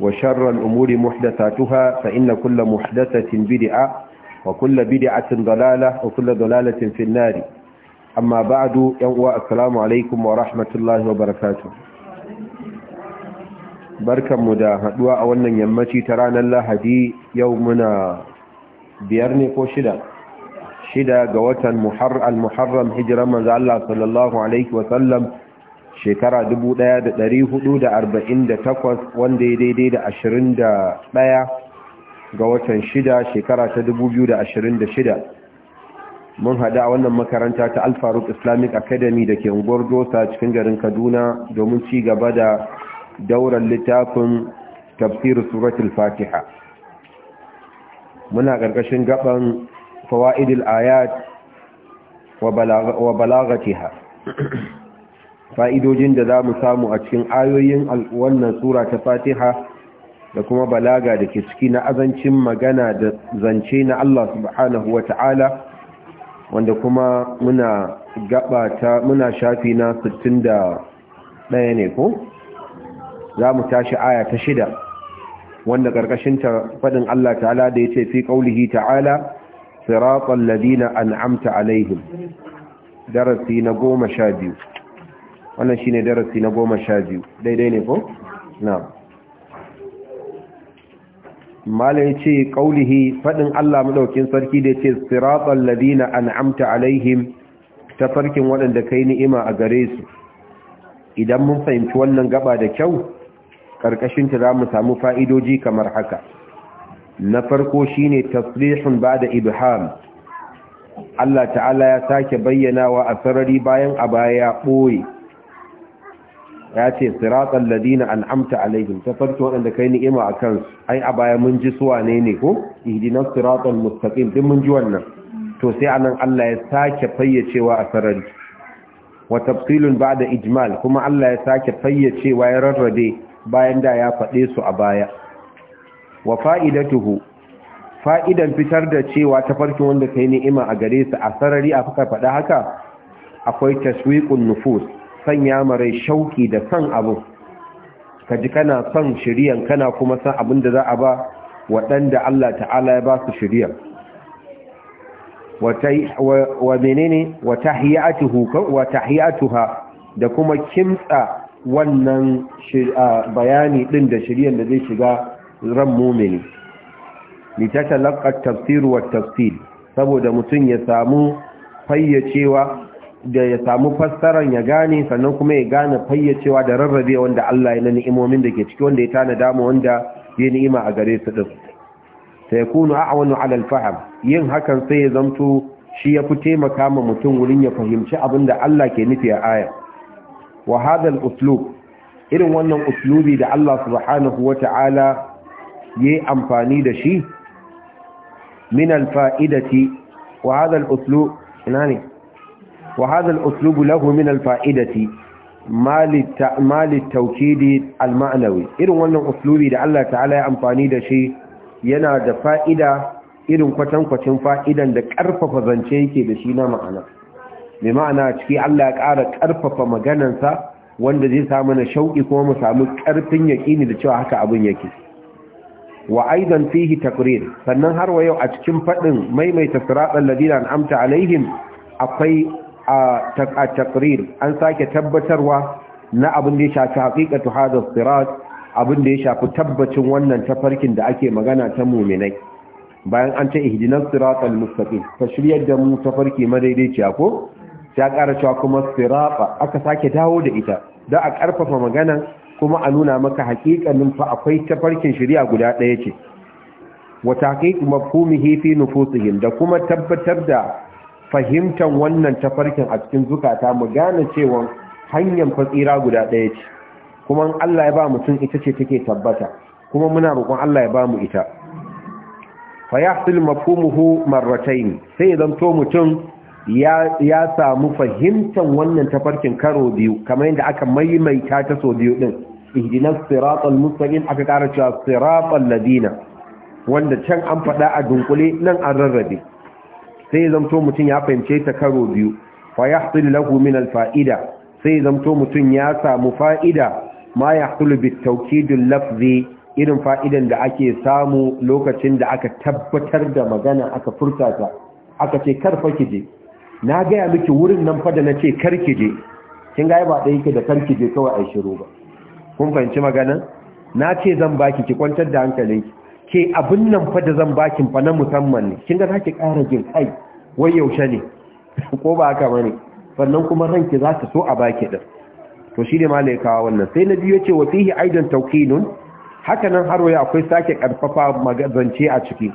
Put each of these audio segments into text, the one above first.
وشر الأمور محدثاتها فإن كل محدثة بدعة وكل بدعة ضلالة وكل ضلالة في النار أما بعد يوم السلام عليكم ورحمة الله وبركاته بركة مدى هدوى أولا يمتي ترانا الله دي يومنا بيرني قوشدا شدا قوة المحر المحرم هجر من الله صلى الله عليه وسلم shekara 1448 wanda ya daidai da 21 ga watan shida shekara ta 2026 mun hada a wannan makaranta ta alfaruk islamic academy da ke unguwar dosa cikin garin kaduna domin ci gaba da dauran littafin tafsir suratul fatiha muna ƙarƙashin gaban fawa'idul ayat wa balagatiha fa'idojin da za mu samu a cikin ayoyin wannan sura ta fatiha da kuma balaga da ke ciki na azancin magana da zance na Allah subhanahu wa ta'ala wanda kuma muna gaba ta muna shafi na 61 ne ko za mu tashi aya ta shida wanda ƙarƙashinta faɗin Allah ta'ala da ya ce fi ƙaulihi ta'ala siratal ladina an'amta alaihim darasi na goma sha biyu wannan shine darasi na goma sha biyu daidai ne ko? na malin ce kaulihi faɗin Allah maɗaukin sarki da ce siratsar ladina an amta alaihim ta farkin waɗanda kai ni'ima a gare su idan mun fahimci wannan gaba da kyau ƙarƙashinta za mu samu fa'idoji kamar haka na farko shine tasirin ba da ibham Allah ta'ala ya sake bayyanawa a sarari bayan a baya ɓoye ya ce siratsar ladina al'amta alaihim farki waɗanda kai ni'ima a kansu ai a baya mun ji su wane ne ko ihdinan siratsar mustaƙin din mun ji wannan to sai nan Allah ya sake fayyacewa a sarari wa tafsilun ba'da ijmal kuma Allah ya sake fayyacewa ya rarrabe bayan da ya faɗe su a baya wa fa'idatuhu fa'idan fitar da cewa ta tafarkin wanda kai ni'ima a gare su a sarari a fuka faɗa haka akwai taswikun nufus sanya marai shauki da san abu ka ji kana son shiriyan kana kuma san abin da za a ba waɗanda Allah ta'ala ya ba su shiriyan wa menene wa ha da kuma kimtsa wannan bayani ɗin da shiriyan da zai shiga ran mumini litatalaqa talakar tafsir wa tafsir saboda mutum ya samu fayyacewa da ya samu fassaran ya gane sannan kuma ya gane fayyacewa da rarrabe wanda Allah ya na ni'imomin da ke ciki wanda ya tana damu wanda ya ni'ima a gare su din ta ya kunu a wani al yin hakan sai ya zamto shi ya fi taimaka ma mutum wurin ya fahimci abin da Allah ke nufi a aya wa hadal uslub irin wannan uslubi da Allah subhanahu wa ta'ala ya yi amfani da shi min alfa'idati wa hadal uslub ina ne wa hadha al-uslub lahu min al-fa'idati ma al-ma'nawi irin wannan uslubi da Allah ta'ala ya amfani da shi yana da fa'ida irin kwatankwacin fa'idan da ƙarfafa zance yake da shi na ma'ana mai ma'ana ciki Allah ya ƙara ƙarfafa maganansa wanda zai samu na shauƙi kuma mu sami ƙarfin yaƙini da cewa haka abin yake wa aidan fihi takrir sannan har wa yau a cikin faɗin maimaita siratal ladina an'amta alaihim akwai a takrir an sake tabbatarwa na abin da ya shafi haqiqatu hadha sirat abin da ya shafi tabbacin wannan tafarkin da ake magana ta mu'minai bayan an ihdinar ihdinas al mustaqim ta shiryar da mu tafarki madaidaiciya ko Ya ƙara cewa kuma sirata aka sake dawo da ita don a ƙarfafa magana kuma a nuna maka haƙiƙanin fa akwai tafarkin shirya guda ɗaya ce wa taqiq mafhumihi fi nufusihim da kuma tabbatar da fahimtar wannan tafarkin a cikin zukata mu gane cewa hanyar fatsira guda ɗaya ce kuma Allah ya ba mutum ita ce take tabbata kuma muna roƙon Allah ya ba mu ita fa yahsul mafhumuhu marratayn sai idan to mutum ya ya samu fahimtar wannan tafarkin karo biyu kamar yadda aka maimaita ta so biyu din ihdinas siratal mustaqim aka ƙara cewa siratal ladina wanda can an faɗa a dunkule nan an rarrabe sai zamto mutum ya fahimce ta karo biyu fa ya yahsul lahu min alfa'ida sai zamto mutum ya samu fa'ida ma ya yahsul bitawkidil lafzi irin fa'idan da ake samu lokacin da aka tabbatar da magana aka furta ta aka ce karfa je. na gaya miki wurin nan fa da nace je. kin ga ba dai yake da je kawai ai shiru ba kun fahimci maganan na ce zan baki ki kwantar da hankalinki ke abin nan fa da zan bakin fa na musamman ne kin ga zaki ƙara jin kai wai yaushe ne ko ba haka bane sannan kuma ranki za ta so a baki din to shi ne ma wannan sai na biyu ce wa fihi aidan tawqinun haka nan har waya akwai sake karfafa magazance a ciki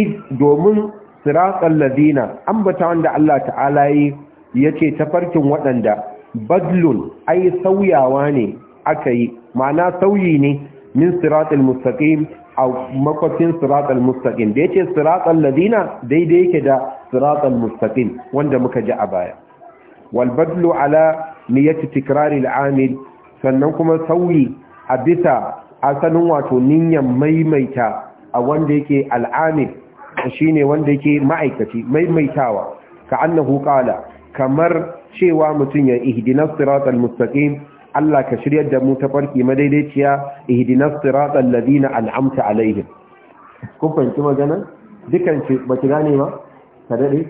id domin siratal ladina ambata wanda Allah ta'ala yi yace farkin waɗanda badlun ai sauyawa ne aka yi ma'ana sauyi ne min siratal mustaqim a makwafin siratal mustaqim da yace siratal ladina daidai yake da siratal mustaqim wanda muka ji a baya wal badlu ala niyyati tikrar al amil sannan kuma sauyi a bisa asalin wato niyyar maimaita a wanda yake al amil shine wanda yake ma'aikaci maimaitawa ka annahu qala kamar cewa mutun ya ihdinas siratal mustaqim Allah ka shiryar da mu ta farki madaidaiciya ihdinas siratal ladina an'amta alaihim kun fahimci magana dukan ce baki gane ba ka dade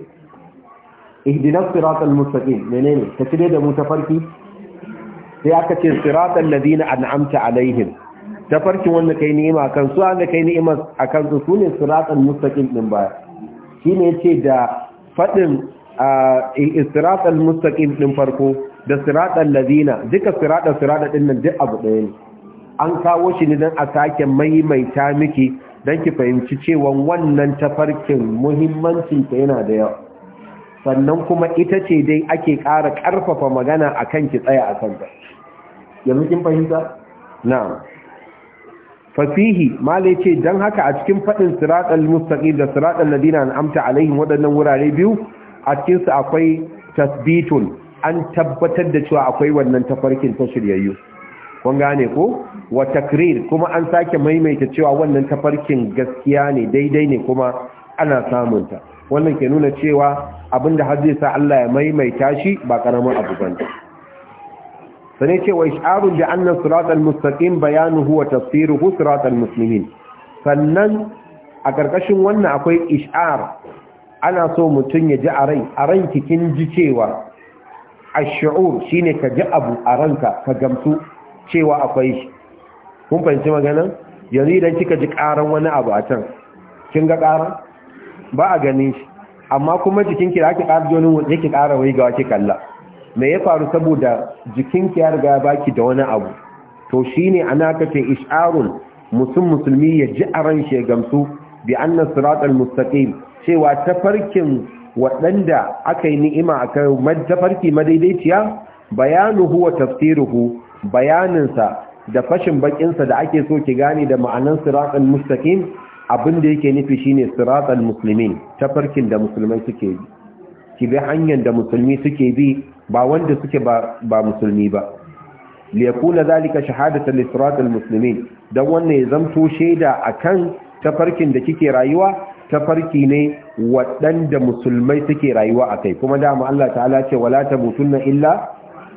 ihdinas siratal mustaqim menene ka shiryar da mu ta farki sai aka ce siratal ladina an'amta alaihim ta farkin wanda kai ni'ima kan su wanda kai ni'ima akan su sune siratal mustaqim din baya shine yace da fadin a siratal mustaqim din farko da siratal ladina duka sirata sirata din nan duk abu ɗaya ne an kawo shi ne don a sake maimaita miki don ki fahimci cewa wannan tafarkin muhimmancinta yana da yawa sannan kuma ita ce dai ake ƙara ƙarfafa magana a kan ki tsaya a kanta yanzu kin fahimta? na'am fasihi malai ce don haka a cikin faɗin siratal mustaqim da siratal ladina an amta alaihim waɗannan wurare biyu a cikinsu akwai tasbitun an tabbatar da cewa akwai wannan tafarkin ta shiryayyu kun gane ko wa takrir kuma an sake maimaita cewa wannan tafarkin gaskiya ne daidai ne kuma ana ta wannan ke nuna cewa abinda har zai sa Allah ya maimaita shi ba karamin abu bane sane ce wa isharun da annas siratal mustaqim bayanuhu wa tafsiruhu siratal muslimin sannan a karkashin wannan akwai ishar ana so mutum ya ji a rai a rai kin ji cewa ash shi ne ka ji abu a ranka ka gamsu cewa akwai shi kun fahimci maganin yanzu idan kika ji karan wani abu a can kin ga karan ba a ganin shi amma kuma ki da ake ƙara jonin yake ƙara wai ga wake kalla me ya faru saboda ki ya riga baki da wani abu to shine ana kace isharun mutum musulmi ya ji a ran shi gamsu bi anna siratal mustaqim cewa tafarkin waɗanda aka yi ni'ima a kan tafarki madaidaiciya bayanuhu wa tafsiruhu bayaninsa da fashin bakinsa da ake so ki gane da ma'anan siratul mustaqim abin da yake nufi shine siratul muslimin tafarkin da musulmai suke bi ki bi hanyar da musulmi suke bi ba wanda suke ba ba musulmi ba li yakuna zalika shahadatan li siratal muslimin dan wannan ya zamto shaida akan tafarkin da kike rayuwa tafarki ne waɗanda musulmai suke rayuwa a kai kuma dama Allah ta'ala ce wala tamutunna illa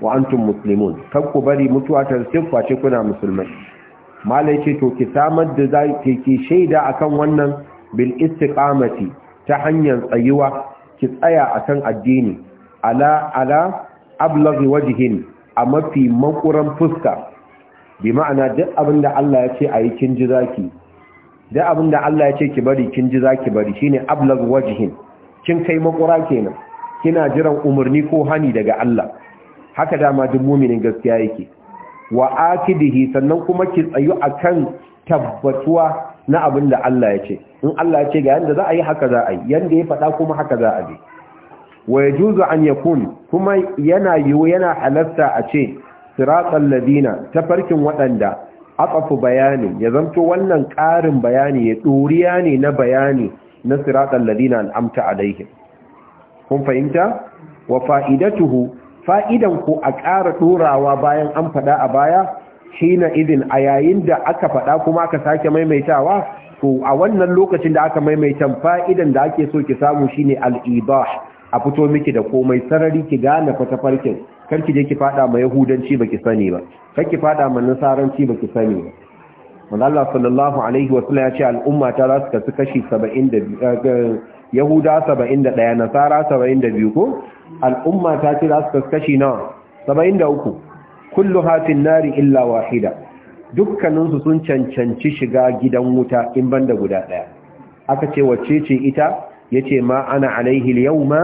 wa antum muslimun kan ku bari mutuwa ta siffa ce kuna musulmai malai ce to ki samar da za ki shaida akan wannan bil istiqamati ta hanyar tsayuwa ki tsaya akan addini ala ala ablaghi wajhin a mafi makuran fuska bi ma'ana duk abin da Allah ya ce a yi kin ji zaki da abin da Allah ya ce ki bari kin ji zaki bari shine ablag wajhin kin kai makura kenan kina jiran umarni ko hani daga Allah haka dama duk muminin gaskiya yake wa akidihi sannan kuma ki tsayu akan tabbatuwa na abin da Allah ya ce in Allah ya ce ga yanda za a yi haka za a yi yanda ya faɗa kuma haka za a yi wa yajuzu an yakun kuma yana yiwu yana halatta a ce siratal ladina tafarkin waɗanda aqafu bayani ya zanto wannan ƙarin bayani ya duriya ne na bayani na siratal ladina an'amta alaihim kun fahimta wa fa'idatuhu fa'idan ko a ƙara dorawa bayan an faɗa a baya shine idin a yayin da aka faɗa kuma aka sake maimaitawa Ko a wannan lokacin da aka maimaitan fa'idan da ake so ki samu shine al ibah a fito miki da komai sarari ki gane fatafarkin kar ki je ki fada ma yahudanci baki sani ba kar ki fada ma nasaranci baki sani ba manzo Allah sallallahu alaihi wa sallam ya ce umma ta za su kasu kashi 70 eh, eh, yahuda 71 nasara 72 ko umma ta ce za su kasu kashi nawa 73 kullu hatin nari illa wahida dukkanin su sun cancanci shiga gidan wuta in banda guda daya aka ce wacce ce ita yace ma ana alaihi yau ma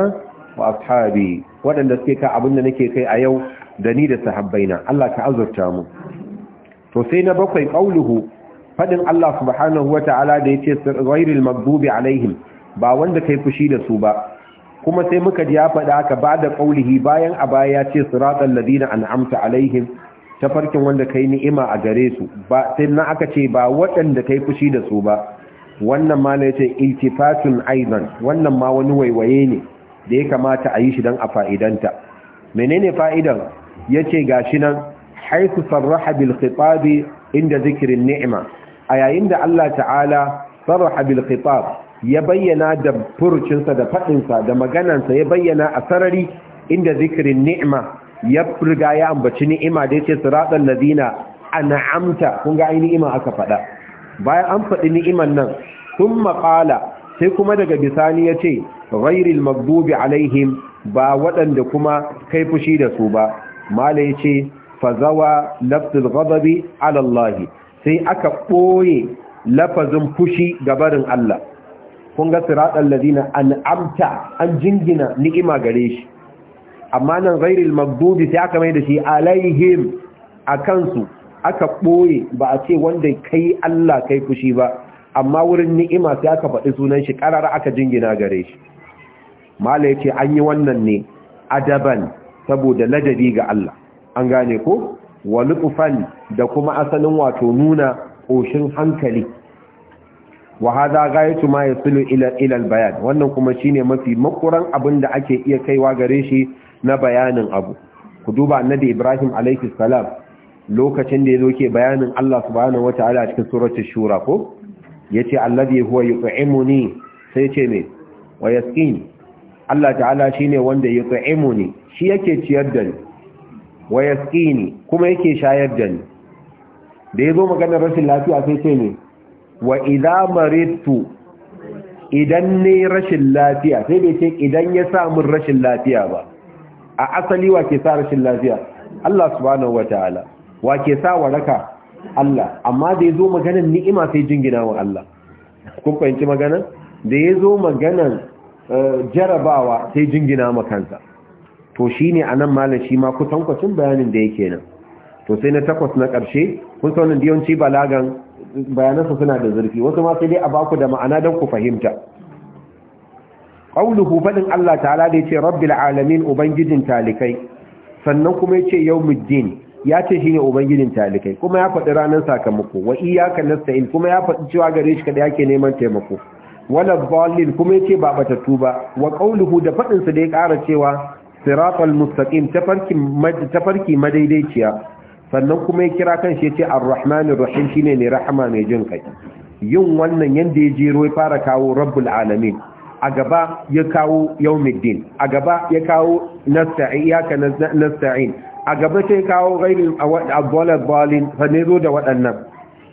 wa ashabi suke ka abin da nake kai a yau da ni da sahabbaina Allah ka azurta mu to sai na bakwai ƙauluhu faɗin Allah subhanahu wata'ala da yace ghairil maghdubi alaihim ba wanda kai fushi da su ba kuma sai muka ji ya faɗa aka ba da bayan a baya ya ce siratal ladina an'amta alaihim tafarkin wanda kai ni'ima a gare su ba sai na aka ce ba waɗanda kai fushi da su ba wannan ma na yace iltifatun aidan wannan ma wani waiwaye ne da ya kamata a yi shi dan a fa'idanta menene fa'idan yace gashi nan haythu sarraha bil khitab inda zikirin ni'ima a yayin da Allah ta'ala sarraha bil khitab ya bayyana da sa da faɗinsa da sa ya bayyana a sarari inda zikirin ni'ima ya riga ya ambaci ni'ima da yace siratal ladina an'amta kun ga ni'ima aka faɗa bayan an faɗi ni'iman nan sun maƙala sai kuma daga bisani ya ce ghairil magdubi alaihim ba waɗanda kuma kai fushi da su ba mala ya ce fazawa lafzul ghadabi alallahi sai aka ɓoye lafazin fushi gabarin Allah kun ga siratal ladina an'amta an jingina ni'ima gare shi amma nan ghairil magdubi sai aka mai da shi alaihim a kansu aka ɓoye ba a ce wanda kai Allah kai fushi ba amma wurin ni'ima sai aka faɗi sunan shi ƙarar aka jingina gare shi mala ya ce an yi wannan ne adaban saboda ladabi ga Allah an gane ko wani da kuma asalin wato nuna oshin hankali wa hada gayatu ma yasulu ila ila bayan wannan kuma shine mafi makuran abin da ake iya kaiwa gare shi na bayanin abu ku duba annabi Ibrahim alayhi salam lokacin da yake bayanin Allah subhanahu wataala cikin suratul shura ko yace allazi huwa yut'imuni sai ce me wa yasqini Allah ta'ala shine wanda yut'imuni shi yake ciyar da ni wa yasqini kuma yake shayar da ni da yazo maganar rashin lafiya sai ce me wa idza maridtu idan ne rashin lafiya sai bai ce idan ya samu rashin lafiya ba a asali wa ke sa rashin lafiya Allah subhanahu ta'ala. wa ke sa waraka Allah amma da ya zo maganan ni'ima sai jin wa Allah kun fahimci maganan da ya zo maganan eh, jarabawa sai jingina ma kansa to shine anan malam shi ma kusan kwacin bayanin da yake nan to sai na takwas na ƙarshe kun saunin da yawanci balagan bayanansa suna da zurfi wasu ma sai dai a baku da ma'ana don ku fahimta ƙaunuhu faɗin Allah ta'ala da yace rabbil alamin ubangijin talikai sannan kuma ya ce yace muddin ya ce shi shine ubangijin talikai kuma ya faɗi ranar sakamako wa iyyaka nasta'in kuma ya faɗi cewa gare shi kada yake neman taimako wala dhallin kuma ya ce ba batattu ba wa qawluhu da faɗin sa da ya ƙara cewa siratal mustaqim tafarki tafarki madaidaiciya sannan kuma ya kira kan kanshi yace arrahmanir rahim shine ne rahama mai jin kai yin wannan yanda ya jero ya fara kawo rabbul alamin a gaba ya kawo yawmiddin a gaba ya kawo nasta'in a gaba sai kawo gairin abdullahi balin fane zo da waɗannan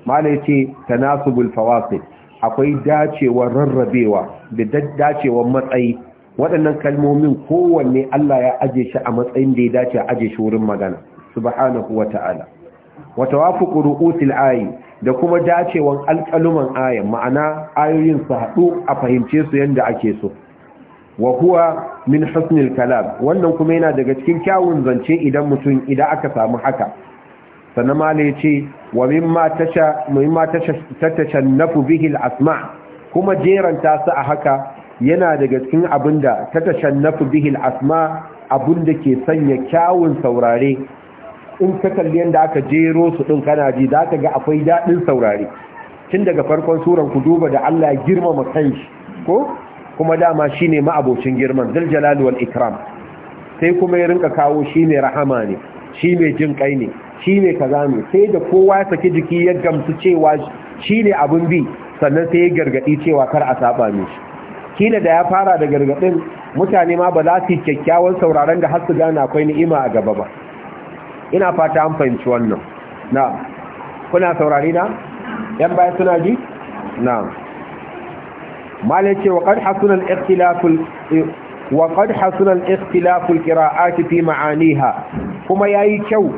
malai ce ta nasu fawasil akwai dacewar rarrabewa da dacewar matsayi waɗannan kalmomin kowanne Allah ya aje shi a matsayin da ya dace a aje shi wurin magana subhanahu wata wa tawafuqu ayi da kuma dacewar alƙaluman ayin ma'ana ayoyin su haɗu a fahimce su yadda ake so wa huwa min husnil kalam wannan kuma yana daga cikin kyawun zance idan mutum idan aka samu haka sannan mala yace wa mimma tasha mimma tasha asma kuma jeranta su a haka yana daga cikin abinda tatashannafu nafu bihil asma abinda ke sanya kyawun saurare in ka da aka jero su din kana ji ka ga akwai daɗin saurare tun daga farkon suran ku duba da Allah ya girmama kanshi ko kuma dama shi ne ma'abocin girman zal wal ikram sai kuma ya rinka kawo shi ne rahama ne shi ne jin kai ne shi ne kaza ne sai da kowa ya saki jiki ya gamsu cewa shi ne abin bi sannan sai ya gargadi cewa kar a saba mishi kila da ya fara da gargadin mutane ma ba za su yi kyakkyawan sauraron da har su gane akwai ni'ima a gaba ba ina fata an fahimci wannan na kuna saurari na yan baya suna ji na malai ce wa hasunan hasuna al-ikhtilaful wa qad hasuna al fi ma'aniha kuma yayi kyau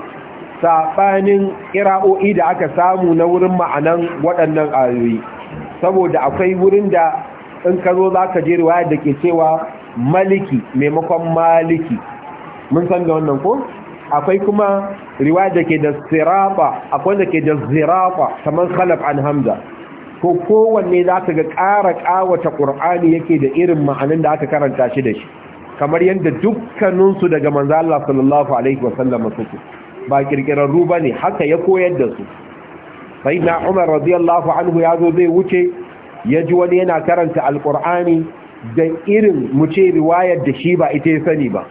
saɓanin qira'o'i da aka samu na wurin ma'anan waɗannan ayoyi saboda akwai wurin da in ka zo zaka je riwaya da ke cewa maliki maimakon maliki mun san da wannan ko akwai kuma riwaya da ke da sirafa akwai da ke da zirafa kamar salaf an hamza ko kowanne za ka ga ƙara ƙawata ƙur'ani yake da irin ma'anin da aka karanta shi da shi kamar yadda dukkaninsu daga manzo Allah sallallahu alaihi wasallam suke ba kirkirarru ba ne haka ya koyar da su sai na Umar radiyallahu anhu ya zo zai wuce ya ji wani yana karanta alƙur'ani da irin mu ce riwayar da shi ba ita ya sani ba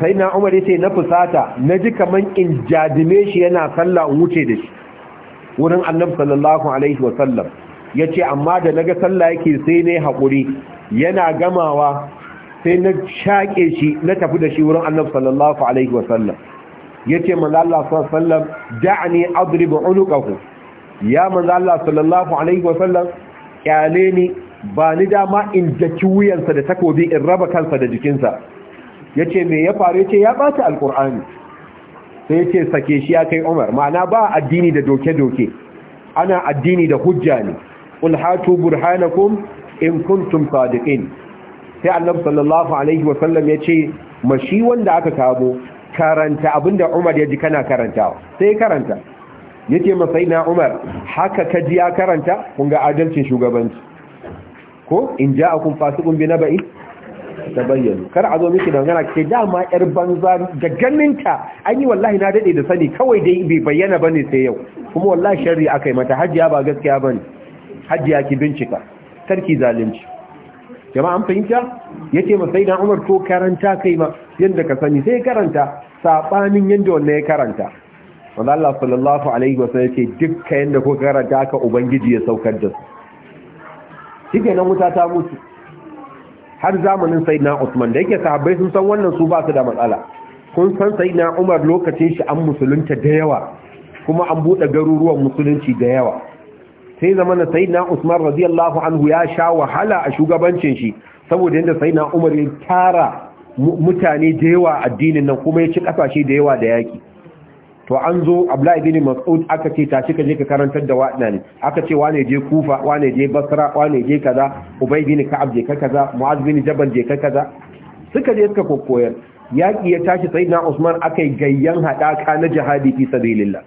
sai na Umar ya ce na fusata na ji kamar in jadime shi yana sallah in wuce da shi wurin annabi sallallahu alaihi wa sallam yace amma da naga sallah yake sai ne hakuri yana gamawa sai na shake shi na tafi da shi wurin annabi sallallahu alaihi wa sallam yace manzo Allah sallallahu da'ni adrib unuqahu ya manzo Allah sallallahu alaihi wa sallam kyale ni ba ni dama in jaki wuyansa da takobi in raba kansa da jikinsa yace me ya faru yace ya bata alqur'ani sai ce sake shi ya kai umar ma'ana ba addini da doke-doke ana addini da hujja ne ulhatu hatu burhanakum in kuntum sadiqin sai annabi sallallahu alaihi wa sallam yace mashi wanda aka kabo karanta abinda umar ya ji kana karantawa sai karanta yace masai na umar haka ka ji ya karanta kun ga adalcin shugabanci ko in ja'akum fasiqun bi naba'in ta bayyana kar a zo miki da magana ke dama yar banza da ganinta an yi wallahi na dade da sani kawai dai bai bayyana bane sai yau kuma wallahi sharri akai mata hajiya ba gaskiya bane hajiya ki bincika karki zalunci jama'a an fahimta yace ma sai na Umar to karanta kai ma yanda ka sani sai karanta sabanin yanda wannan ya karanta wanda Allah sallallahu alaihi wasallam yace dukkan yanda ko karanta ka ubangiji ya saukar da su shi shikenan wuta ta mutu har zamanin na Usman da yake sahabbai sun san wannan su ba su da matsala kun san Saina Umar lokacin shi an musulunta da yawa kuma an bude garuruwan musulunci da yawa sai zamana Saina Usman radiyallahu anhu ya sha wahala a shugabancin shi saboda yadda Saina Umar ya tara mutane da yawa addinin nan kuma ya ci kasashe da yawa da yaki to an zo Abdullahi bin Mas'ud aka ce tashi ka je ka karantar da ne aka ce wane je Kufa wane je Basra wane je kaza Ubay bin Ka'ab je kaza Mu'az bin Jabal je kaza suka je suka kokoyar yaki ya tashi sayyidina Usman yi gayyan hadaka na jihadi fi sabilillah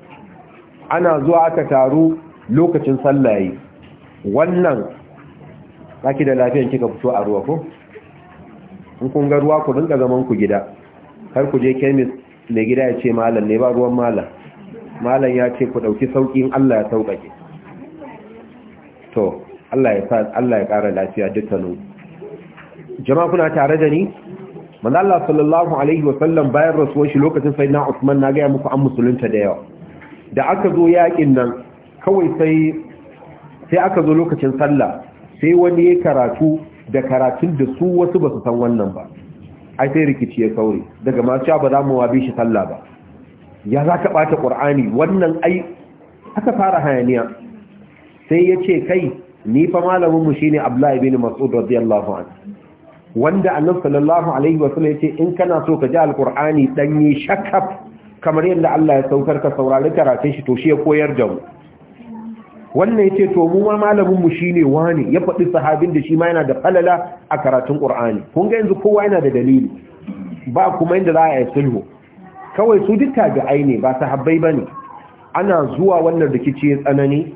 ana zuwa aka taru lokacin sallah yi wannan zaki da lafiyar kika fito a ruwa ko in kun ga ruwa ku rinka zaman ku gida kar ku je chemist mai gida ya ce malam ne ba ruwan malam malam ya ce ku ɗauki sauƙin Allah ya sauƙaƙe to Allah ya Allah ƙara lafiya dukkanu jama'a kuna tare da ni manzo Allah sallallahu alaihi wa sallam bayan rasuwar shi lokacin na Usman na gaya muku an musulunta da yawa da aka zo yakin nan kawai sai sai aka zo lokacin sallah sai wani ya karatu da karatun da su wasu ba su san wannan ba ai sai rikici ya kaure daga masu cewa ba za mu wabe shi sallah ba ya za ka ɓata ƙur'ani wannan ai aka fara hayaniya sai ya ce kai ni fa malaminmu shine abdullahi bin mas'ud radiyallahu anhu wanda annabi sallallahu alaihi wa sallam ce in kana so ka ji alqur'ani danye shakaf kamar yadda Allah ya saukar ka saurari karatun shi to shi ya koyar da mu wannan ya ce to mu ma malamin mu shine wani ya faɗi sahabin da shi ma yana da falala a karatun Qur'ani kun ga yanzu kowa yana da dalili ba kuma inda za a yi sulhu kawai su duk ga aini ba sahabbai bane ana zuwa wannan rikici ya tsanani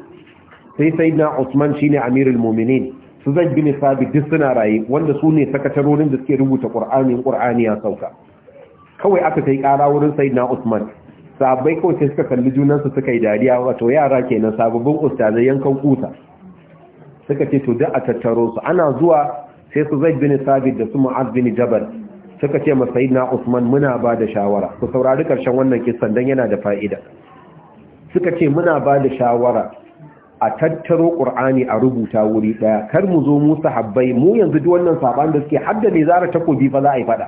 sai sayyidina Usman shine amirul mu'minin su zai bin sabi duk suna raye wanda su ne sakatarorin da suke rubuta Qur'ani Qur'ani ya sauka kawai aka kai ƙara wurin sayyidina Usman sabai kawai sai suka kalli junansu suka yi dariya wato yara kenan sababbin ustazai yankan kusa suka ce to duk a tattaro su ana zuwa sai su zai bini sabit da su mu'az bin jabal suka ce masa sayyidina usman muna ba da shawara ku saurari karshen wannan kisan dan yana da fa'ida suka ce muna ba da shawara a tattaro qur'ani a rubuta wuri ɗaya. kar mu zo mu sahabbai mu yanzu duk wannan saban da suke hadda ne zara takobi fa za a yi faɗa.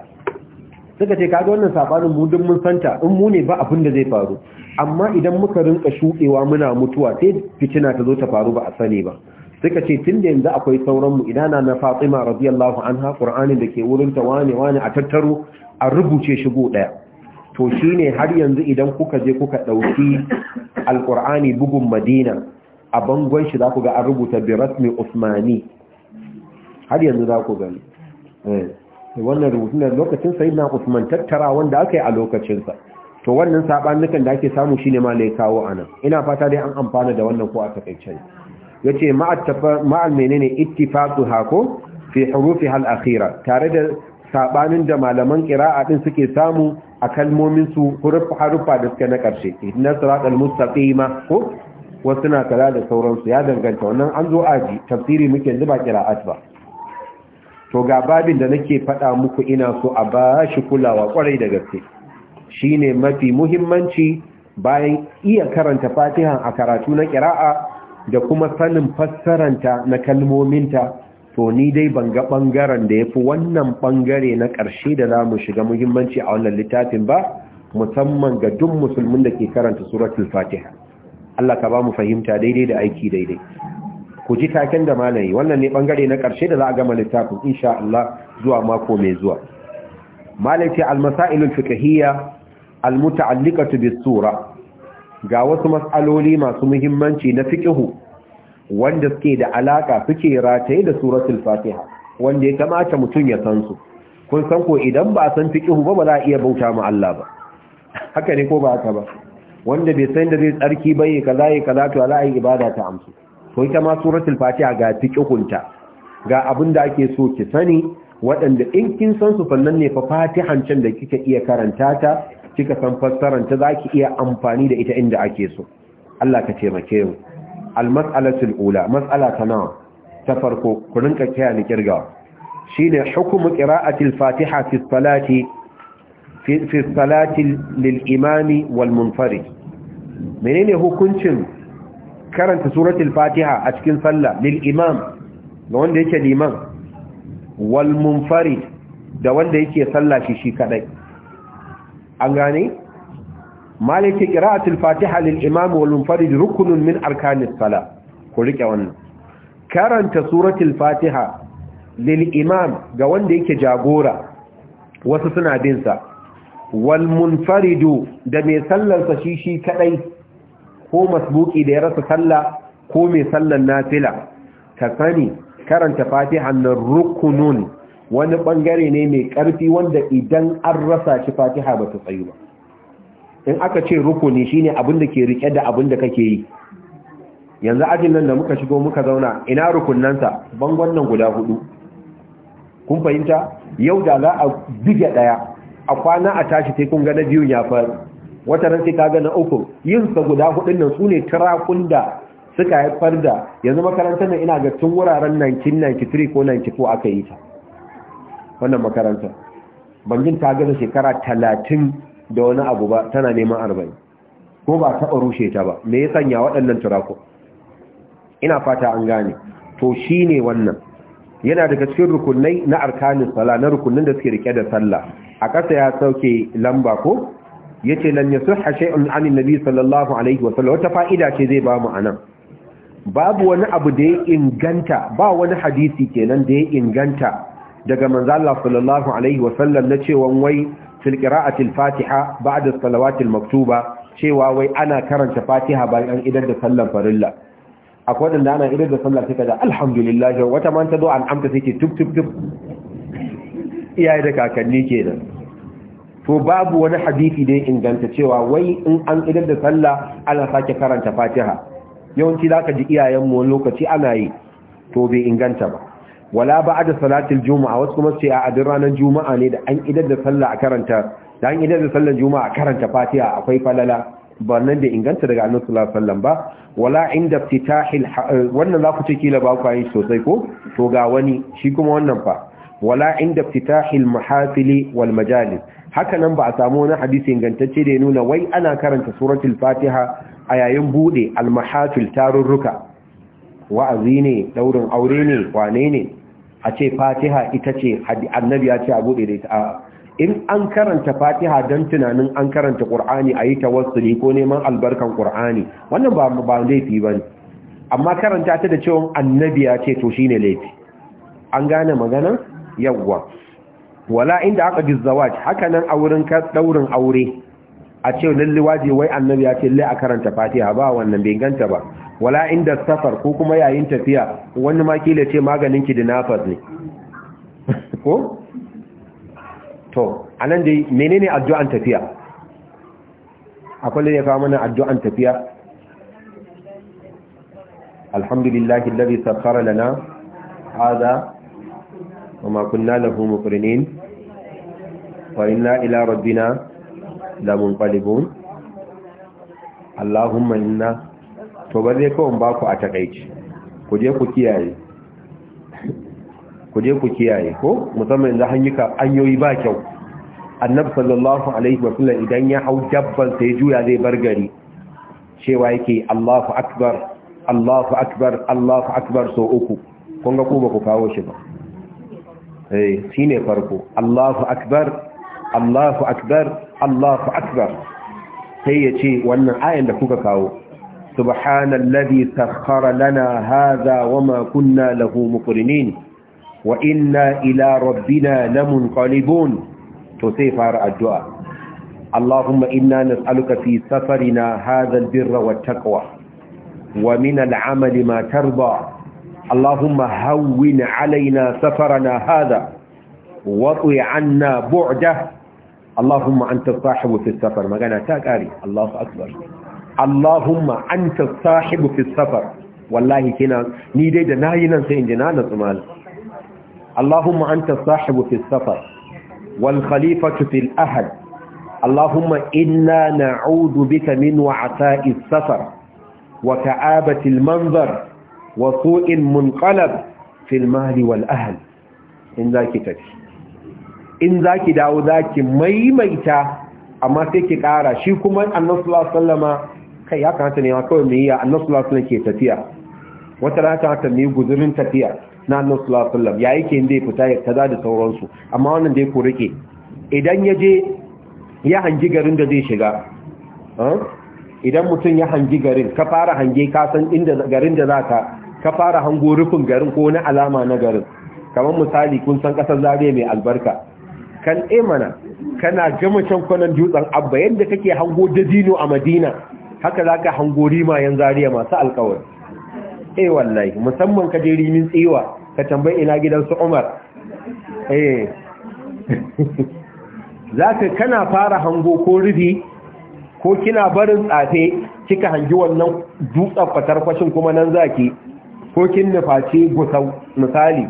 suka ce kaga wannan sabanin mu duk mun santa in mu ne ba abin da zai faru amma idan muka rinka shukewa muna mutuwa sai fitina ta zo ta faru ba a sani ba suka ce tun da yanzu akwai sauran mu idan na Fatima radiyallahu anha Qur'ani da ke wurin ta wane wane a tattaro a rubuce go daya to shine har yanzu idan kuka je kuka dauki Al-Qur'ani bugun Madina a bangon shi za ku ga an rubuta bi rasmi Usmani har yanzu za ku gani eh wannan rubutun da lokacin sayyidina Usman tattara wanda aka yi a lokacin sa to wannan sabanin da ake samu shine ma lai kawo anan ina fata dai an amfana da wannan ko a takeice yace ma'al menene ittifaqu hako fi hurufiha al-akhira tare da sabanin da malaman qira'a din suke samu a kalmomin su harufa da suke na karshe idan siratal mustaqima ko wasu na kala da sauransu ya danganta wannan an zo aji tafsiri muke zuba qira'at ba to ga babin da nake faɗa muku ina so a ba shi kulawa kwarai da gaske shine mafi muhimmanci bayan iya karanta Fatiha a karatu na kira'a da kuma sanin fassaranta na kalmominta to ni dai ban ga bangaren da yafi wannan bangare na ƙarshe da za mu shiga muhimmanci a wannan littafin ba musamman ga duk musulmin da ke karanta suratul fatiha Allah ka ba mu fahimta daidai da aiki daidai ku ji taken da malayi wannan ne bangare na ƙarshe da za a gama littafin insha Allah zuwa mako mai zuwa malaki ce almasailul fiqhiyya almuta'alliqatu bisura ga wasu mas'aloli masu muhimmanci na fiqhu wanda suke da alaka suke rataye da suratul fatiha wanda ya kamata mutum ya san su kun san ko idan ba san fiqhu ba ba za a iya bauta ma Allah ba haka ne ko ba haka ba wanda bai san da zai tsarki bai kaza yi kaza to ala ibada ta amsu to ita ma suratul fatiha ga fiqhunta ga abin da ake so ki sani waɗanda in kin san su fannan ne fa fatihan can da kika iya karanta ta kika san fassaran ta zaki iya amfani da ita inda ake so Allah ka taimake mu al-mas'alatul ula mas'ala ta nawa ta farko ku rinka kiyaye ni kirgawa shine hukumu qira'atil fatiha fi salati fi salati lil imami wal munfarid menene hukuncin karanta suratul fatiha a cikin sallah lil imam ga wanda yake liman wal munfarid da wanda yake sallah shi shi kadai an gane malaki qira'atul fatiha lil imam wal munfarid ruknun min arkanis salah ku rike wannan karanta suratul fatiha lil imam ga wanda yake jagora wasu suna bin sa wal munfaridu da mai sallarsa shi shi kadai ko masbuki da ya rasa sallah ko mai sallan nafila ka sani karanta fatihan nan rukunun wani bangare ne mai karfi wanda idan an rasa shi fatiha ba ta tsayu ba in aka ce rukuni shine abin da ke rike da abin da kake yi yanzu ajin nan da muka shigo muka zauna ina rukunnansa bangon nan guda hudu kun fahimta yau da za a bige daya a kwana a tashi sai kun ga na biyun ya faru wata ran sai kaga na uku yin sa guda hudun nan sune tirakun da suka haifar da yanzu makarantar nan ina ga tun wuraren 1993 ko 94 aka yi ta wannan makarantar banjin ta gaza shekara talatin da wani abu ba tana neman arba'in. ko ba taɓa rushe ta ba me ya sanya waɗannan tirakun ina fata an gane to shi ne wannan yana daga cikin rukunai na arkanin sala na rukunin da suke rike da sallah a ƙasa ya sauke lamba ko yace lam yasihha shay'un 'an an-nabi sallallahu alaihi wa sallam wata fa'ida ce zai ba mu anan babu wani abu da ya inganta ba wani hadisi kenan da ya inganta daga Manzala sallallahu alaihi wa sallam na cewa wai fil qira'ati al-fatiha ba'da salawati maktuba cewa wai ana karanta fatiha bayan idan da sallar farilla akwai wanda ana idan da sallar take da alhamdulillah wata man ta zo an amta take tub tub iyaye da kakanni kenan to babu wani hadisi da ya inganta cewa wai in an idar da sallah ana sake karanta fatiha yawanci za ka ji iyayenmu wani lokaci ana yi to bai inganta ba wala ba a da salatul juma'a wasu kuma ce a adin ranar juma'a ne da an idar da sallah a karanta da an idar da sallar juma'a a karanta fatiha akwai falala ba nan da inganta daga annabi sallallahu alaihi wasallam ba wala inda fitahil wannan za ku ce kila ba ku yi sosai ko to ga wani shi kuma wannan fa wala inda fitahil mahafili wal majalis haka nan ba a samu wani hadisi ingantacce da ya nuna wai ana karanta suratul fatiha a yayin bude almahafil tarurruka wa'azi ne daurin aure ne wane ne a ce fatiha ita ce annabi ya ce a bude da ita in an karanta fatiha don tunanin an karanta qur'ani ayi yi tawassuli ko neman albarkan qur'ani wannan ba ba laifi bane amma karanta ta da cewa annabi ya ce to shine laifi an gane maganar yawwa wala inda aka gizzawaj haka nan a wurin daurin aure a ce lalle waje wai annabi ya ce a karanta fatiha ba wannan bai ganta ba wala inda safar ko kuma yayin tafiya wani ma kila ce maganin ki dinafas ne ko to anan dai menene addu'an tafiya akwai ne ya kawo mana addu'an tafiya alhamdulillahi alladhi sakhkhara lana hadha ma kunna lahu muqrinin wa inna ila rabbina lamunqalibun Allahumma inna to ba zai kawon baku a takaici ku je ku kiyaye ku je ku kiyaye ko musamman hanyar ka hanyoyi ba kyau annabi sallallahu alaihi wa sallam idan ya hau dabban sai juya zai bar gari cewa yake Allahu akbar Allahu akbar Allahu akbar so uku kun ga ku ba ku kawo shi ba eh shine farko Allahu akbar Allahu akbar Allahu akbar sai ya ce wannan ayan da kuka kawo subhanallazi sakhkhara lana hadha wama kunna lahu muqrinin wa inna ila rabbina lamunqalibun to sai fara addu'a Allahumma inna nas'aluka fi safarina hadha birra wattaqwa wa min al'amali ma tarda اللهم هون علينا سفرنا هذا وطي عنا بعده Allahumma anta sahibu fi safar magana ta kare Allahu akbar Allahumma anta sahibu fi safar wallahi kina ni dai da na yi nan sai inji na natsu mal Allahumma anta sahibu fi safar wal khalifatu fil ahad Allahumma inna na'udu bika min wa'ata'i safar wa ka'abati al manzar wa su'in munqalab fil mali wal ahl in ki tafi in za ki dawo za ki maimaita amma sai ki ƙara shi kuma annasula sallama kai ya kanta ne ma kawai mai yi annasula sallama ke tafiya wata rana ta haka mai guzurin tafiya na annasula sallama ya yake inda ya fita ya kaza da sauransu amma wannan dai ku rike idan ya je ya hangi garin da zai shiga idan mutum ya hangi garin ka fara hange ka san inda garin da za ka ka fara hango rufin garin ko na alama na garin kamar misali kun san ƙasar zariya mai albarka kan imana eh, kana gama can kwanan dutsen abba yadda kake hango dadino a madina haka za ka hango rimayen zariya masu alkawar eh wallahi musamman ka je rimin tsiwa ka tambayi ina gidansu umar eh za ka kana fara hango ko rufi ko kina barin tsafe kika hangi wannan dutsen fatar kwashin kuma nan zaki ko kin nufaci gusau misali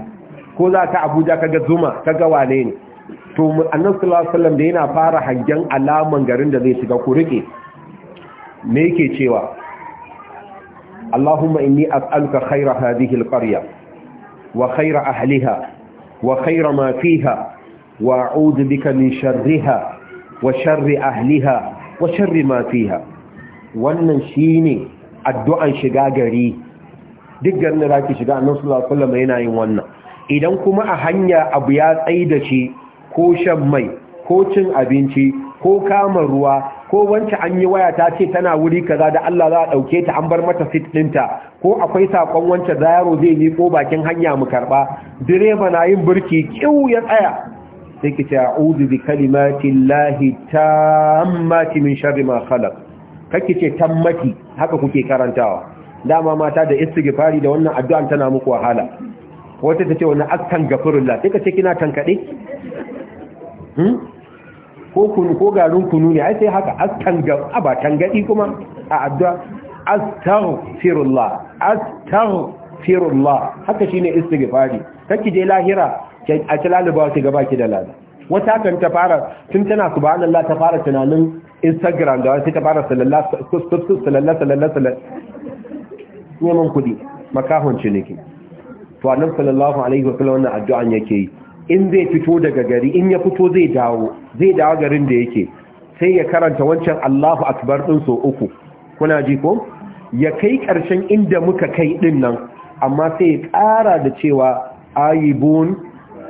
ko za ka abuja kaga zuma kaga wane ne to annabi sallallahu alaihi wasallam da yana fara hangen alaman garin da zai shiga ku rike me yake cewa Allahumma inni as'aluka khaira hadhihi alqarya wa khaira ahliha wa khaira ma fiha wa a'udhu bika min sharriha wa sharri ahliha wa sharri ma fiha wannan shine addu'an shiga gari duk garin da zaki shiga annabi sallallahu alaihi wasallam yana yin wannan idan kuma a hanya abu ya tsaida shi ko shan mai ko cin abinci ko kama ruwa ko wance an yi waya ta ce tana wuri kaza da Allah za a dauke ta an bar mata fit ɗinta ko akwai sakon wance da yaro zai ko bakin hanya mu karba direba na yin burki kiu ya tsaya sai ki ta a'udhu bi kalimati llahi tammati min sharri ma khalaq kake ce tammati haka kuke karantawa dama mata da istighfari da wannan addu'an tana muku wahala wata ta wani wannan askan gafurullah sai ka ce kina tankade ko kunu ko garin kunu ne ai sai haka astanga aba tangadi kuma a addu'a astaghfirullah astaghfirullah haka shine istighfari kake je lahira a ba ki gaba ki da lada wata kan ta fara tun tana subhanallah ta fara tunanin instagram da sai ta fara sallallahu sallallahu sallallahu neman kudi makahon ciniki to annabi sallallahu alaihi wasallam wannan addu'an yake yi in zai fito daga gari in ya fito zai dawo zai dawo garin da yake sai ya karanta wancan Allahu akbar din so uku kuna ji ko ya kai ƙarshen inda muka kai din nan amma sai ya ƙara da cewa ayibun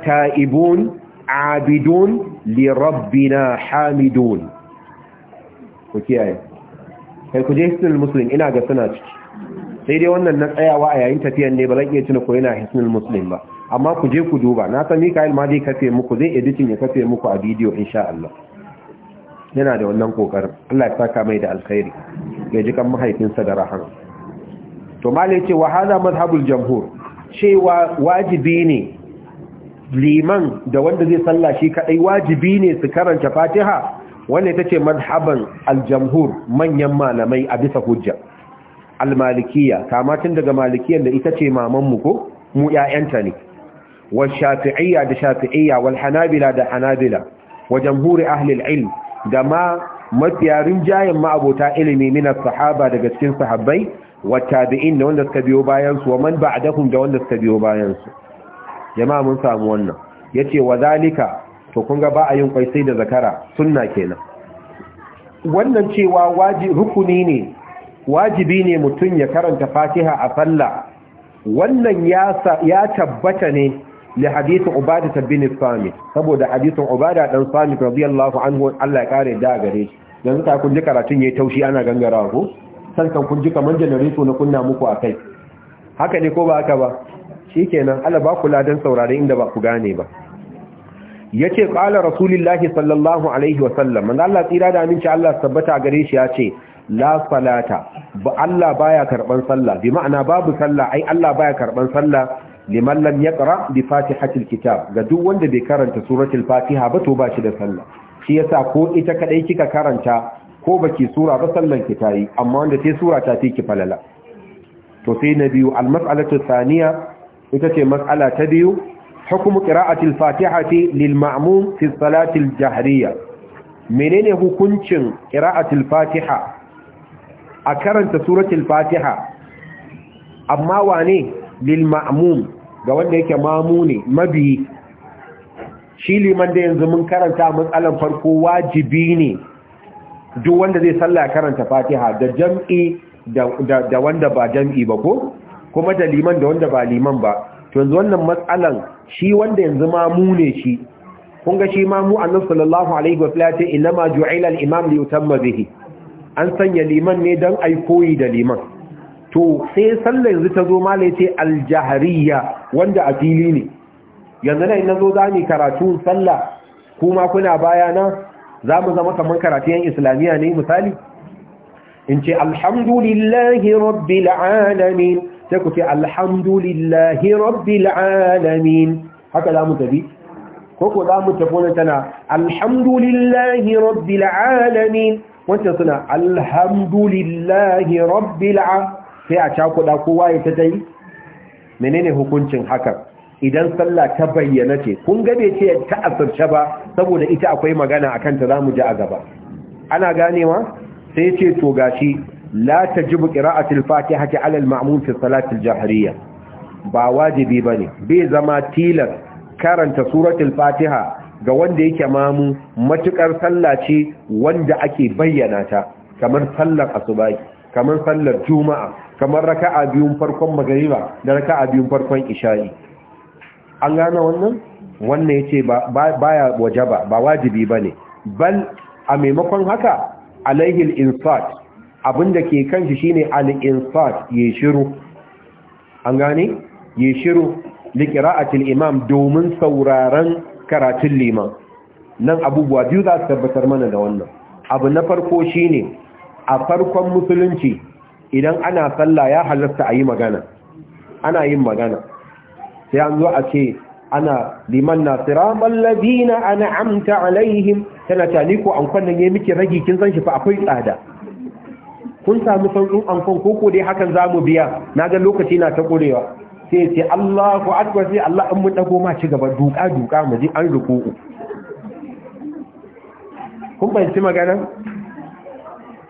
ta'ibun abidun li rabbina hamidun ku kiyaye kai ku je hisnul muslim ina ga suna ciki sai dai wannan na tsayawa a yayin tafiyan ne ba zan iya tuna ko yana hisnul muslim ba amma ku je ku duba na san Mikael ma zai kafe muku zai editing ya kafe muku a bidiyo insha Allah yana da wannan kokarin Allah ya saka mai da alkhairi ya ji kan mahaifinsa da rahama to malai ce wa hada mazhabul jamhur cewa wajibi ne liman da wanda zai salla shi kadai wajibi ne su karanta Fatiha wannan tace ce mazhaban aljamhur manyan malamai a bisa hujja almalikiya kama tun daga malikiyan da ita ce mamanmu ko mu ƴaƴanta ne wa shafi'ayya da shafi'iyya wal hanabila da hanabila wa jamhuri ahli ilm da ma mafiyarin jayin ma'abota ilimi minas sahaba daga cikin sahabai, wa tabi'in da wanda suka biyo bayan wa man ba'dahum da wanda suka biyo bayan jama'a mun samu wannan yace wa zalika to kun ga ba a yin sai da zakara sunna kenan wannan cewa rukuni ne wajibi ne mutum ya karanta fatiha a sallah wannan ya tabbata ne li hadithin ubadata bin sami saboda hadithin ubada dan samit radiyallahu anhu Allah ya kare da gare shi yanzu ta kun ji karatun yayi taushi ana gangarawa ko san kan kun ji kaman janareto na kunna muku akai haka ne ko ba haka ba shikenan Allah ba ku ladan saurare inda ba ku gane ba yace qala rasulullahi sallallahu alaihi wa sallam manzo Allah tsira da aminci Allah tabbata gare shi ce. la salata ba Allah baya karban sallah bi ma'ana babu sallah ai Allah baya karban sallah liman lam yaqra bi fatihatil kitab ga duk wanda bai karanta suratul fatiha ba to ba shi da sallah shi yasa ko ita kadai kika karanta ko baki sura ba sallan ki tayi amma wanda sai sura ta fi ki falala to sai na biyu almas'alatu thaniya ita ce mas'ala ta biyu hukum qira'atil fatihati lil ma'mum fi salatil menene hukuncin qira'atil fatiha a karanta suratul fatiha amma wane lil ma'mum ga wanda yake mamu ne mabiyi shi liman da yanzu mun karanta matsalan farko wajibi ne duk wanda zai salla karanta fatiha da jam'i da wanda ba jam'i ba ko kuma da liman da wanda ba liman ba to yanzu wannan matsalan shi wanda yanzu mamu ne shi kun ga shi mamu annabi sallallahu alaihi wa sallam inna ju'ila imam li yutamma bihi an sanya liman ne dan ai koyi da liman to sai sallar yanzu ta zo mala ce aljahariya wanda a fili ne yanzu nan na zo za mu karatu sallah kuma kuna baya na za mu zama kamar karatiyan islamiyya ne misali in ce alhamdulillahi rabbil alamin sai ku ce alhamdulillahi rabbil alamin haka za mu tafi ko ko za mu tafi wani tana alhamdulillahi rabbil alamin wancan suna alhamdulillahi rabbil alamin sai a cakuɗa kowa ya ta tai menene hukuncin hakan idan sallah ta bayyana ce kun ga bai ce ta asirce ba saboda ita akwai magana akan ta zamu ji a gaba ana ganewa sai ce to gashi la tajibu qira'atul fatihati 'ala al-ma'mum fi salati jahriyya ba wajibi bane bai zama tilas karanta suratul fatiha ga wanda yake mamu matukar sallah ce wanda ake bayyana ta kamar sallar asuba kamar sallar juma'a kamar raka a biyun farkon magariba da a biyun farkon isha'i an gane wannan wannan ya ce ba ya waje ba ba wajibi ba ne. bal a maimakon haka alaihil abinda ke kanshi shine al-insat ya shiru an gane ya shiru liqira'atil imam domin sauraron karatun liman nan abubuwa biyu za su tabbatar mana da wannan abu na farko shine a farkon musulunci idan ana sallah ya halarta a yi magana ana yin magana sai an zo a ce ana liman nasira mallazina ana amta alaihim tana ta ko ankon ya yi miki ragi kin san shi akwai tsada kun samu sauƙin ankon ko dai hakan zamu biya Na ga lokaci na ta korewa sai ce Allahu akbar sai Allah in mu dago ma ci gaba duka duka mu ji an ruku kun fahimci magana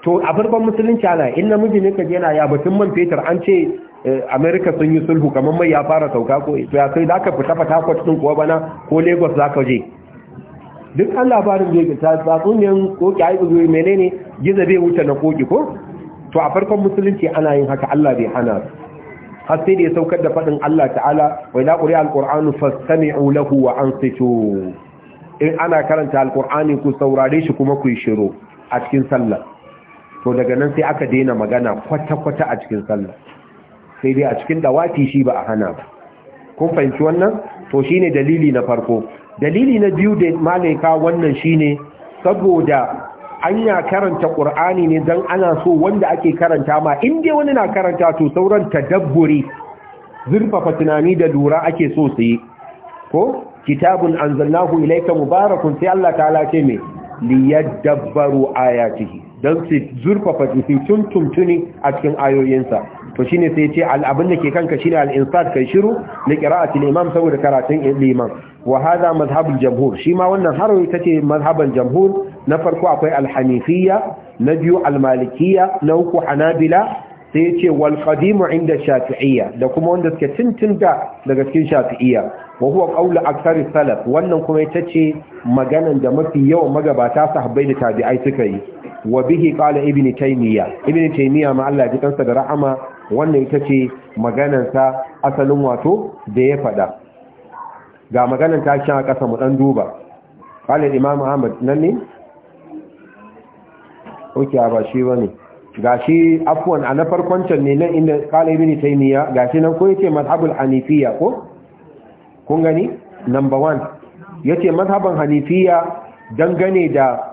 to a farkon musulunci ana in namiji ne ka je na ya batun man fetur an ce eh, america sun yi sulhu kamar mai ya fara sauka ko ya sai za ka fita ko din kuwa bana ko lagos zaka je duk an labarin zai ta tsatsuniyar koki a yi zuwa menene gizo bai wuce na koki ko to a farkon musulunci ana yin haka allah bai hana har sai da ya saukar da faɗin allah ta'ala wai na ƙuri alƙur'anu fastami'u lahu wa ansitu in eh, ana karanta alƙur'ani ku saurare shi kuma ku yi shiru a cikin sallah to daga nan sai aka daina magana kwata-kwata a cikin sallah sai dai a cikin dawati shi ba a hana ba kun fahimci wannan to shine dalili na farko dalili na biyu da malaka wannan shine saboda anya karanta qur'ani ne dan ana so wanda ake karanta ma in dai wani na karanta to sauran tadabburi zurfafa tunani da lura ake so su yi ko kitabun anzalnahu ilayka mubarakun sai Allah ta'ala ce me liyadabbaru ayatihi don su zurfafa tun tuntuni a cikin ayoyinsa to ne sai ce abin da ke kanka shine al-insat kai shiru na qira'atul imam saboda karatun liman wa hadha madhhabul jamhur shi ma wannan harawi tace madhhaban jamhur na farko akwai al na biyu al na uku hanabila sai ce, wal qadimu inda shafi'iyya da kuma wanda suke tuntunta daga cikin shafi'iyya wa huwa qawlu aktsari salaf wannan kuma ita ce maganan da mafi yawan magabata sahabbai da tabi'ai suka yi wa bihi qala ibn taymiya ibn taymiya ma Allah ji kansa da rahama wannan ita ce maganar sa asalin wato da ya fada ga maganar ta shi a kasa mu dan duba qala imam ahmad nan ne oke ba shi bane gashi afwan a na farkon can ne nan inda qala ibn taymiya gashi nan ko yace madhhabul hanifiya ko kun gani number 1 yace madhaban hanifiya dangane da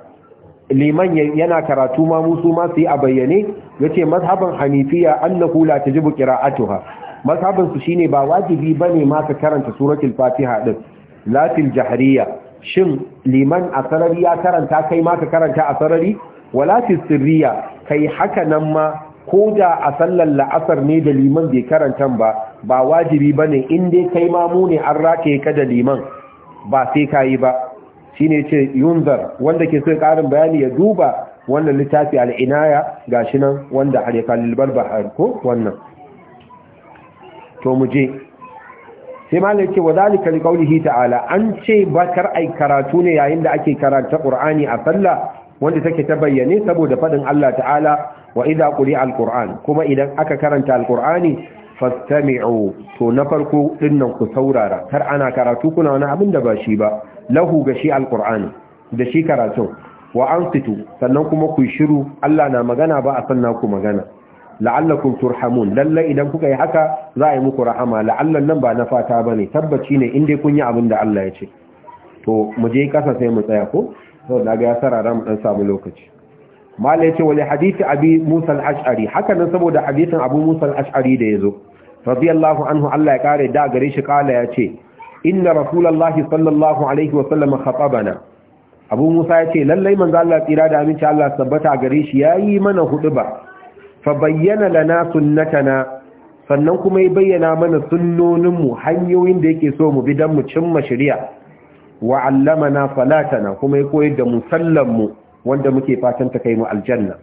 liman yana karatu ma musu ma su yi a bayyane ya ce mazhaban hanifiya annahu la kira qira'atuha mazhaban su shine ba wajibi ne ma ka karanta suratul fatiha din latil jahriya shin liman a sarari ya karanta kai ma ka karanta a sarari wala sirriya kai haka nan ma ko da a sallar la'asar ne da liman bai karanta ba ba wajibi bane in dai kai ma mu ne an rataye ka da liman ba sai kayi ba shine ce yunzar wanda ke son karin bayani ya duba wannan littafi al'inaya. inaya gashi nan wanda har ya kalil barbahar ko wannan to mu je sai malai ce wadalika liqaulihi ta'ala an ce bakar ai karatu ne yayin da ake karanta qur'ani a sallah wanda take ta bayyane saboda fadin Allah ta'ala wa idza quri'a al-qur'an kuma idan aka karanta al-qur'ani fastami'u to na farko dinnan ku saurara kar ana karatu kuna wani abin da ba shi ba lahu ga shi Alƙur'ani da shi karatun wa an fitu sannan kuma ku shiru Allah na magana ba a sannan ku magana la'allakum turhamun lalla idan kuka yi haka za a yi muku rahama la'allan nan ba na fata ba ne tabbaci ne in kun yi abin da Allah ya ce to mu je kasa sai mu tsaya ko saboda ga ya sarara mu dan samu lokaci ya ce wali hadisi abi musa al-ash'ari haka nan saboda hadisin abu musa al-ash'ari da yazo radiyallahu anhu Allah ya kare da gare shi kala ce. inna rasulullahi sallallahu alaihi wa sallam khatabana abu musa ya ce lallai manzo Allah tsira da aminci Allah tabbata gare shi yayi mana huduba fa bayyana lana sunnatana sannan kuma ya bayyana mana sunnonin mu hanyoyin da yake so mu bi dan mu cimma shari'a wa allamana salatana kuma ya koyar da mu mu wanda muke fatan ta kai mu aljanna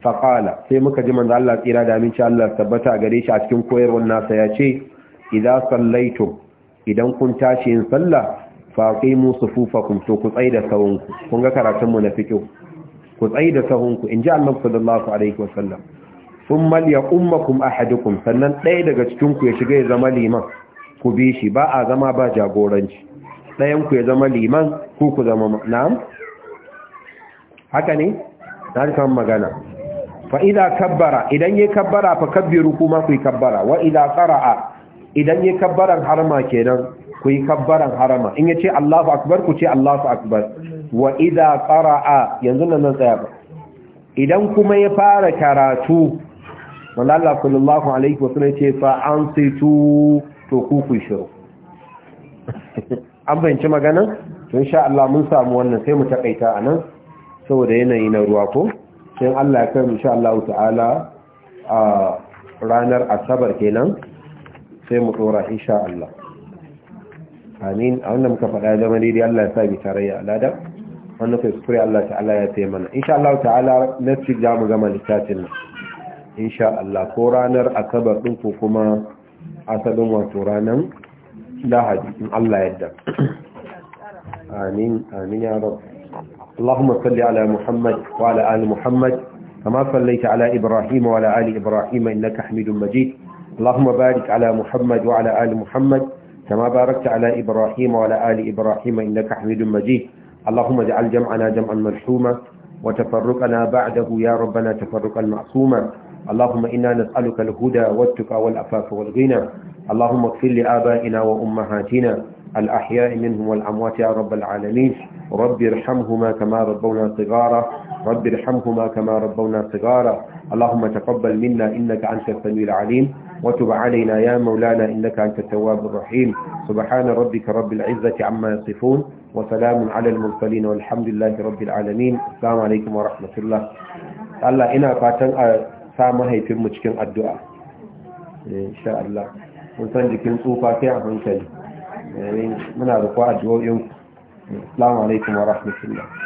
fa qala sai muka ji manzo Allah tsira da aminci Allah tabbata gare shi a cikin koyarwar nasa ya ce idza sallaitum idan kun tashi yin sallah fufa kun to ku da sahunku kun ga karatun mu na fikin ku da sahunku inji Allah sallallahu alaihi wasallam thumma a hadukun sannan ɗaya daga cikinku ya shiga ya zama liman ku bi shi ba a zama ba jagoranci Ɗayanku ya zama liman ku ku zama na'am haka ne na kan magana fa kabbara idan ya kabbara fa kabbiru kuma ku yi kabbara wa'ida idza idan yi kabbaran harama kenan ku yi kabbaran harama in yace Allahu akbar ku ce Allahu akbar wa idza qara'a yanzu nan nan tsaya ba idan kuma ya fara karatu Allah sallallahu alaihi sallam ce fa ansitu to ku ku shiru an magana to mun samu wannan sai mu takaita anan saboda yanayi na ruwa ko sai Allah ya kai insha Allah ta'ala a ranar asabar kenan sai mu tsora insha Allah amin a wannan muka faɗa zama daidai Allah ya sa bi tarayya alada wannan kai kuskure Allah ta'ala ya taya mana insha Allah ta'ala nafsi za mu gama littafin nan insha Allah ko ranar asabar din ko kuma asalin wato ranar lahadi in Allah yadda amin amin ya rabu اللهم صل على محمد وعلى آل محمد كما صليت على إبراهيم وعلى آل إبراهيم إنك حميد مجيد اللهم بارك على محمد وعلى آل محمد كما باركت على إبراهيم وعلى آل إبراهيم إنك حميد مجيد اللهم اجعل جمعنا جمعا مرحوما وتفرقنا بعده يا ربنا تفرقا معصوما اللهم إنا نسألك الهدى والتقى والأفاف والغنى اللهم اغفر لآبائنا وأمهاتنا الأحياء منهم والأموات يا رب العالمين رب ارحمهما كما ربونا صغارا رب ارحمهما كما ربونا صغارا اللهم تقبل منا إنك أنت السميع العليم وتب علينا يا مولانا إنك أنت التواب الرحيم سبحان ربك رب العزة عما يصفون وسلام على المرسلين والحمد لله رب العالمين السلام عليكم ورحمة الله الله إنا فاتن a آه، في مشكل cikin إن شاء الله mun san jikin tsufa sai a hankali muna da kwa addu'o'in assalamu alaikum wa